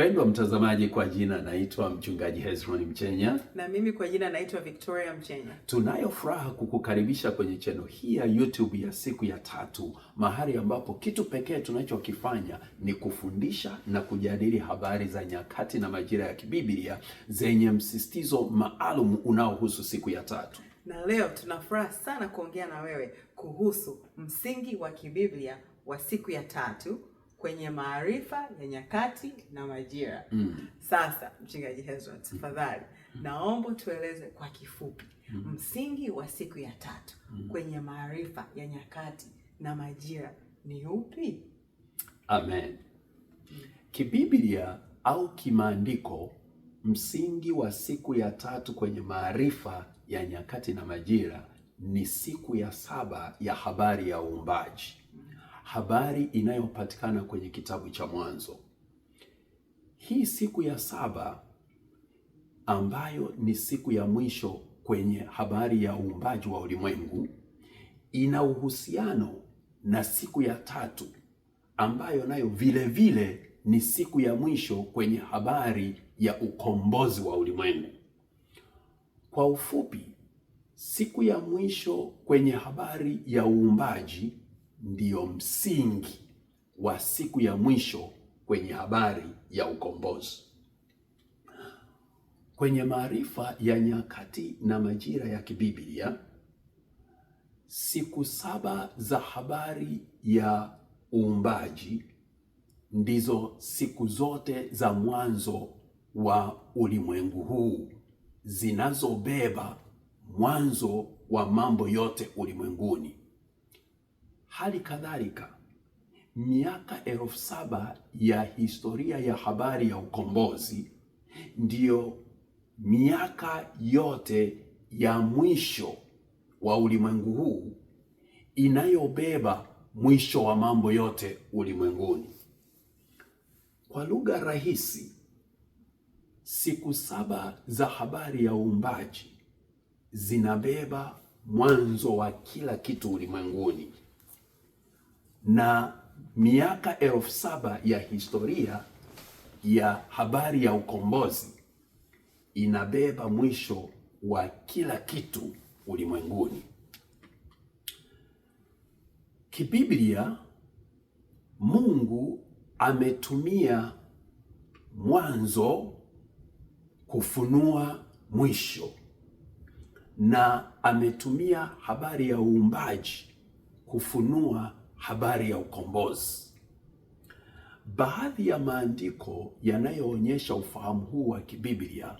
Mpendwa mtazamaji, kwa jina naitwa mchungaji Hezron Mchenya, na mimi kwa jina naitwa Victoria Mchenya. Tunayo furaha kukukaribisha kwenye cheno hii ya YouTube ya siku ya tatu, mahali ambapo kitu pekee tunachokifanya ni kufundisha na kujadili habari za nyakati na majira ya kibiblia zenye msisitizo maalum unaohusu siku ya tatu na leo tunafuraha sana kuongea na wewe kuhusu msingi wa kibiblia wa siku ya tatu kwenye maarifa ya nyakati na majira. Mm. Sasa Mchungaji Hezron, mm. tafadhali mm. naomba tueleze kwa kifupi mm. msingi wa siku ya tatu mm. kwenye maarifa ya nyakati na majira ni upi? Amen. Mm. Kibiblia au kimaandiko, msingi wa siku ya tatu kwenye maarifa ya nyakati na majira ni siku ya saba ya habari ya uumbaji habari inayopatikana kwenye kitabu cha Mwanzo. Hii siku ya saba ambayo ni siku ya mwisho kwenye habari ya uumbaji wa ulimwengu ina uhusiano na siku ya tatu ambayo nayo vile vile ni siku ya mwisho kwenye habari ya ukombozi wa ulimwengu. Kwa ufupi, siku ya mwisho kwenye habari ya uumbaji ndiyo msingi wa siku ya mwisho kwenye habari ya ukombozi. Kwenye maarifa ya nyakati na majira ya kibiblia, siku saba za habari ya uumbaji ndizo siku zote za mwanzo wa ulimwengu huu zinazobeba mwanzo wa mambo yote ulimwenguni. Hali kadhalika miaka elfu saba ya historia ya habari ya ukombozi ndiyo miaka yote ya mwisho wa ulimwengu huu inayobeba mwisho wa mambo yote ulimwenguni. Kwa lugha rahisi, siku saba za habari ya uumbaji zinabeba mwanzo wa kila kitu ulimwenguni na miaka elfu saba ya historia ya habari ya ukombozi inabeba mwisho wa kila kitu ulimwenguni. Kibiblia, Mungu ametumia mwanzo kufunua mwisho na ametumia habari ya uumbaji kufunua habari ya ukombozi. Baadhi ya maandiko yanayoonyesha ufahamu huu wa kibiblia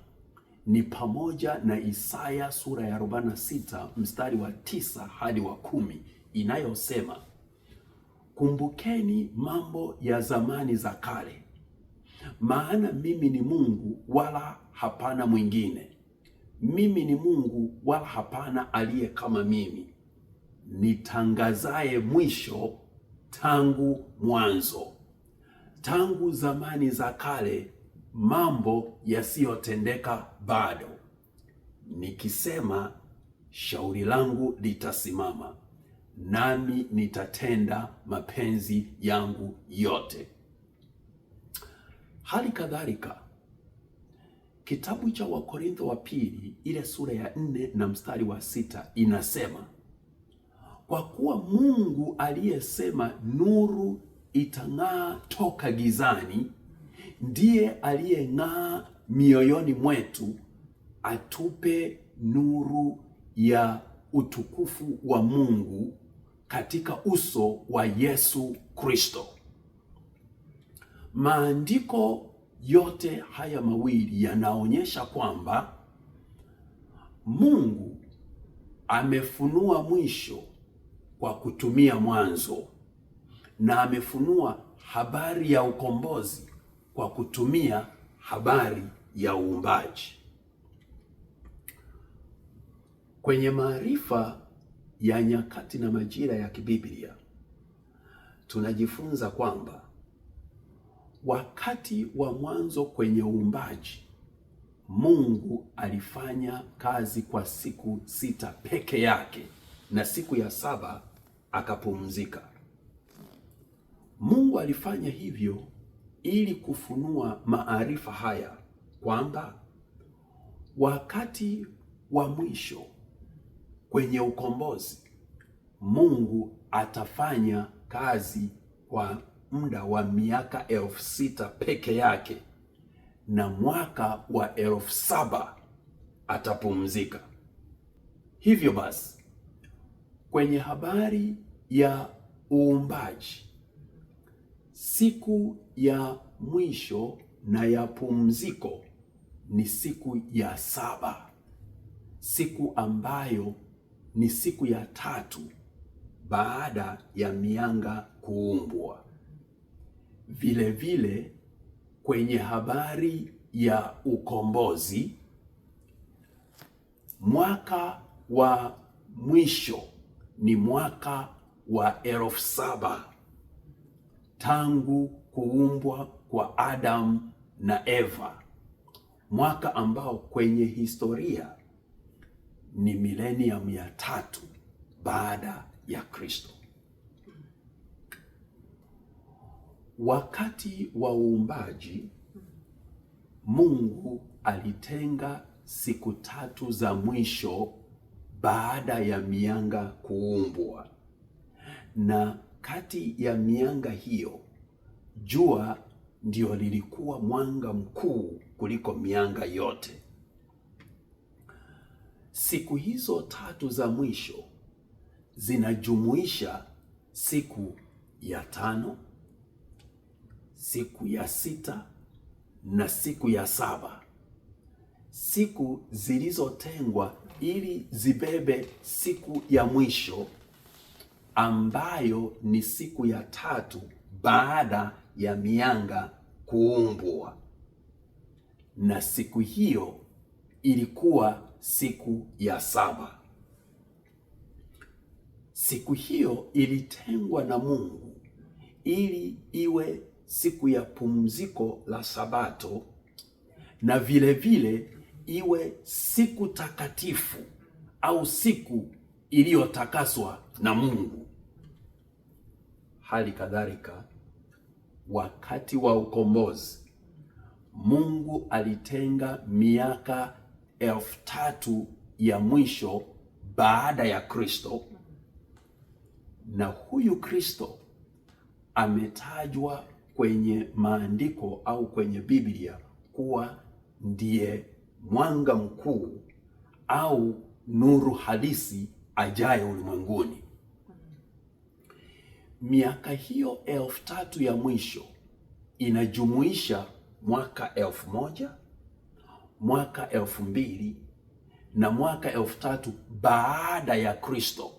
ni pamoja na Isaya sura ya 46 mstari wa tisa hadi wa kumi inayosema, kumbukeni mambo ya zamani za kale, maana mimi ni Mungu wala hapana mwingine, mimi ni Mungu wala hapana aliye kama mimi nitangazaye mwisho tangu mwanzo, tangu zamani za kale, mambo yasiyotendeka bado, nikisema shauri langu litasimama, nami nitatenda mapenzi yangu yote. Hali kadhalika kitabu cha Wakorintho wa pili ile sura ya nne na mstari wa sita inasema kwa kuwa Mungu aliyesema nuru itang'aa toka gizani, ndiye aliyeng'aa mioyoni mwetu atupe nuru ya utukufu wa Mungu katika uso wa Yesu Kristo. Maandiko yote haya mawili yanaonyesha kwamba Mungu amefunua mwisho kwa kutumia mwanzo na amefunua habari ya ukombozi kwa kutumia habari ya uumbaji. Kwenye maarifa ya nyakati na majira ya kibiblia tunajifunza kwamba wakati wa mwanzo kwenye uumbaji Mungu alifanya kazi kwa siku sita peke yake na siku ya saba akapumzika. Mungu alifanya hivyo ili kufunua maarifa haya kwamba wakati wa mwisho kwenye ukombozi Mungu atafanya kazi kwa muda wa miaka elfu sita peke yake na mwaka wa elfu saba atapumzika. Hivyo basi kwenye habari ya uumbaji, siku ya mwisho na ya pumziko ni siku ya saba, siku ambayo ni siku ya tatu baada ya mianga kuumbwa. Vile vile kwenye habari ya ukombozi, mwaka wa mwisho ni mwaka wa elfu saba tangu kuumbwa kwa adam na Eva, mwaka ambao kwenye historia ni milenium ya tatu baada ya Kristo. Wakati wa uumbaji, Mungu alitenga siku tatu za mwisho baada ya mianga kuumbwa, na kati ya mianga hiyo jua ndio lilikuwa mwanga mkuu kuliko mianga yote. Siku hizo tatu za mwisho zinajumuisha siku ya tano, siku ya sita na siku ya saba, siku zilizotengwa ili zibebe siku ya mwisho ambayo ni siku ya tatu baada ya mianga kuumbwa, na siku hiyo ilikuwa siku ya saba. Siku hiyo ilitengwa na Mungu ili iwe siku ya pumziko la Sabato na vile vile iwe siku takatifu au siku iliyotakaswa na Mungu. Hali kadhalika, wakati wa ukombozi Mungu alitenga miaka elfu tatu ya mwisho baada ya Kristo, na huyu Kristo ametajwa kwenye maandiko au kwenye Biblia kuwa ndiye mwanga mkuu au nuru halisi ajaye ulimwenguni. Miaka hiyo elfu tatu ya mwisho inajumuisha mwaka elfu moja mwaka elfu mbili na mwaka elfu tatu baada ya Kristo,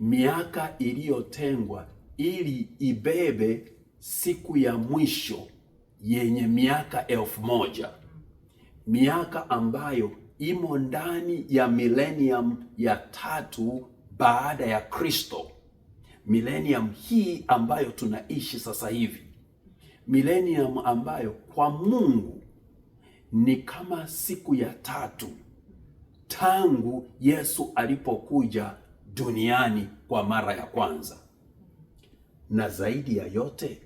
miaka iliyotengwa ili ibebe siku ya mwisho yenye miaka elfu moja miaka ambayo imo ndani ya millennium ya tatu baada ya Kristo, millennium hii ambayo tunaishi sasa hivi, millennium ambayo kwa Mungu ni kama siku ya tatu tangu Yesu alipokuja duniani kwa mara ya kwanza. Na zaidi ya yote,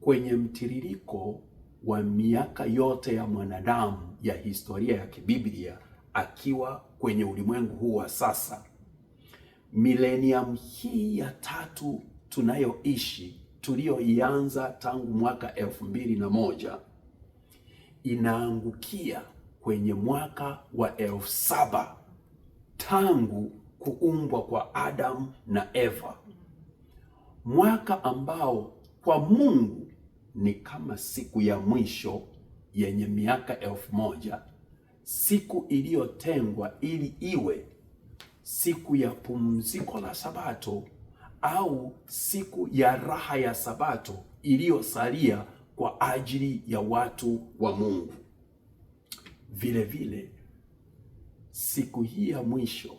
kwenye mtiririko wa miaka yote ya mwanadamu ya historia ya kibiblia akiwa kwenye ulimwengu huu wa sasa. Milenium hii ya tatu tunayoishi tuliyoianza tangu mwaka elfu mbili na moja inaangukia kwenye mwaka wa elfu saba tangu kuumbwa kwa Adamu na Eva, mwaka ambao kwa Mungu ni kama siku ya mwisho yenye miaka elfu moja, siku iliyotengwa ili iwe siku ya pumziko la Sabato au siku ya raha ya Sabato iliyosalia kwa ajili ya watu wa Mungu. Vile vile siku hii ya mwisho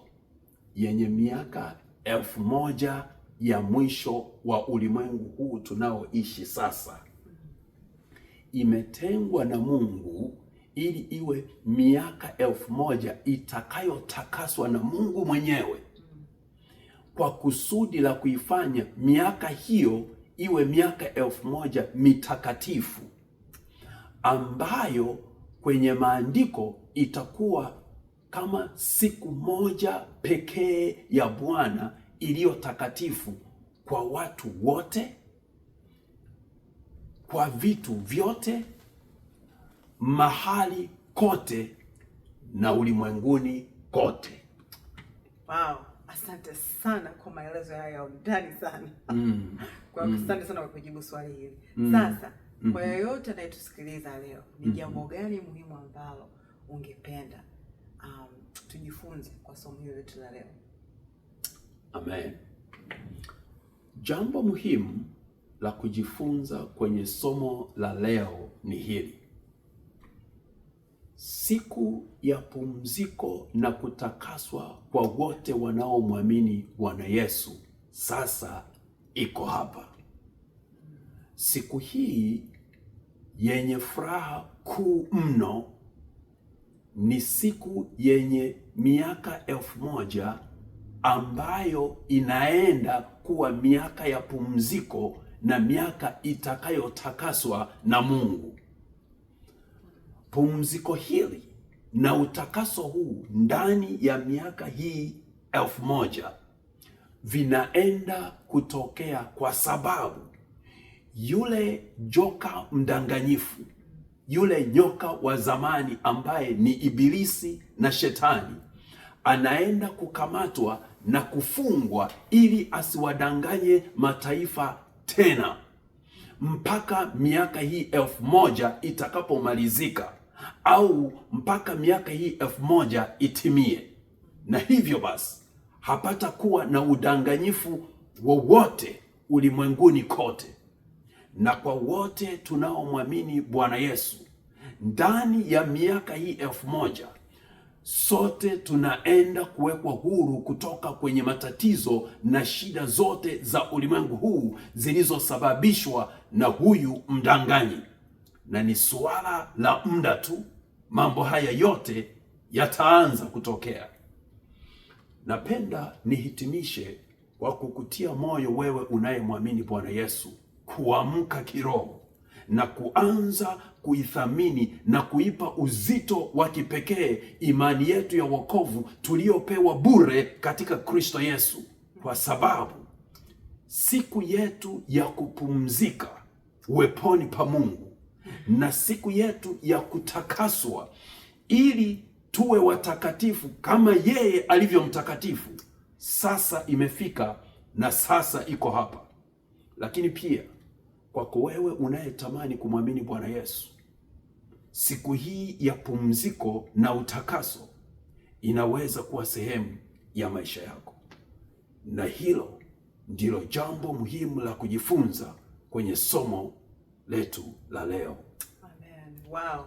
yenye miaka elfu moja ya mwisho wa ulimwengu huu tunaoishi sasa imetengwa na Mungu ili iwe miaka elfu moja itakayotakaswa na Mungu mwenyewe kwa kusudi la kuifanya miaka hiyo iwe miaka elfu moja mitakatifu ambayo kwenye maandiko itakuwa kama siku moja pekee ya Bwana iliyo takatifu kwa watu wote kwa vitu vyote mahali kote na ulimwenguni kote. Wow, asante sana kwa maelezo haya ya undani sana. Mm. Kwa mm. asante sana kwa kujibu swali hili. Mm. Sasa mm kwa yoyote anayetusikiliza leo ni mm-hmm. jambo mm gani muhimu ambalo ungependa um, tujifunze kwa somo hili letu la leo? Amen. Jambo muhimu la kujifunza kwenye somo la leo ni hili: siku ya pumziko na kutakaswa kwa wote wanaomwamini Bwana Yesu sasa iko hapa. Siku hii yenye furaha kuu mno ni siku yenye miaka elfu moja ambayo inaenda kuwa miaka ya pumziko na miaka itakayotakaswa na Mungu. Pumziko hili na utakaso huu ndani ya miaka hii elfu moja vinaenda kutokea kwa sababu yule joka mdanganyifu, yule nyoka wa zamani ambaye ni Ibilisi na Shetani anaenda kukamatwa na kufungwa ili asiwadanganye mataifa tena mpaka miaka hii elfu moja itakapomalizika au mpaka miaka hii elfu moja itimie, na hivyo basi hapatakuwa na udanganyifu wowote ulimwenguni kote. Na kwa wote tunaomwamini Bwana Yesu, ndani ya miaka hii elfu moja sote tunaenda kuwekwa huru kutoka kwenye matatizo na shida zote za ulimwengu huu zilizosababishwa na huyu mdanganyi, na ni suala la muda tu, mambo haya yote yataanza kutokea. Napenda nihitimishe kwa kukutia moyo wewe unayemwamini Bwana Yesu kuamka kiroho na kuanza kuithamini na kuipa uzito wa kipekee imani yetu ya wokovu tuliyopewa bure katika Kristo Yesu, kwa sababu siku yetu ya kupumzika uweponi pa Mungu na siku yetu ya kutakaswa ili tuwe watakatifu kama yeye alivyo mtakatifu, sasa imefika na sasa iko hapa, lakini pia kwako wewe unayetamani kumwamini Bwana Yesu, siku hii ya pumziko na utakaso inaweza kuwa sehemu ya maisha yako, na hilo ndilo jambo muhimu la kujifunza kwenye somo letu la leo. Amen. Wow.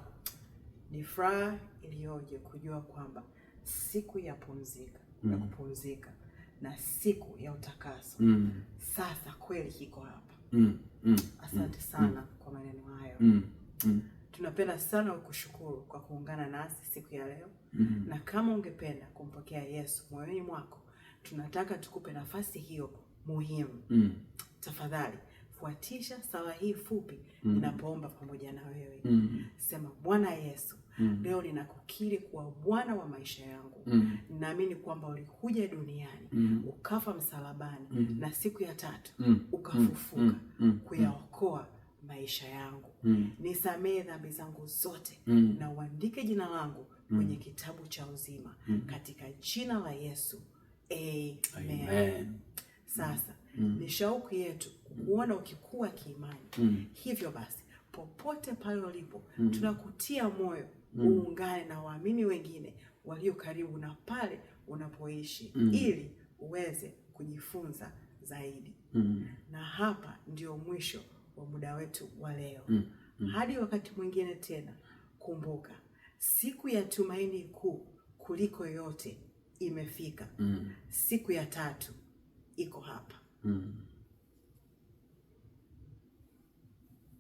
Ni furaha iliyoje kujua kwamba siku ya pumzika mm. ya kupumzika na siku ya utakaso mm. sasa kweli iko hapa Mm, mm, asante mm, sana mm, kwa maneno hayo mm, mm. Tunapenda sana kushukuru kwa kuungana nasi siku ya leo mm Na kama ungependa kumpokea Yesu moyoni mwako, tunataka tukupe nafasi hiyo muhimu mm. Tafadhali fuatisha sala hii fupi ninapoomba pamoja na wewe mm Sema Bwana Yesu mm. Leo ninakukiri kuwa Bwana wa maisha yangu mm. naamini kwamba ulikuja duniani mm. ukafa msalabani mm. na siku ya tatu mm. ukafufuka mm. mm. kuyaokoa maisha yangu mm. Nisamehe dhambi zangu zote mm. na uandike jina langu mm. kwenye kitabu cha uzima mm. katika jina la Yesu Amen. Amen. Sasa mm. ni shauku yetu kuona ukikua kiimani mm. hivyo basi popote pale ulipo mm -hmm. tunakutia moyo mm -hmm. uungane na waamini wengine walio karibu na pale unapoishi mm -hmm. ili uweze kujifunza zaidi mm -hmm. na hapa ndio mwisho wa muda wetu wa leo mm -hmm. hadi wakati mwingine tena, kumbuka siku ya tumaini kuu kuliko yote imefika. mm -hmm. siku ya tatu iko hapa. mm -hmm.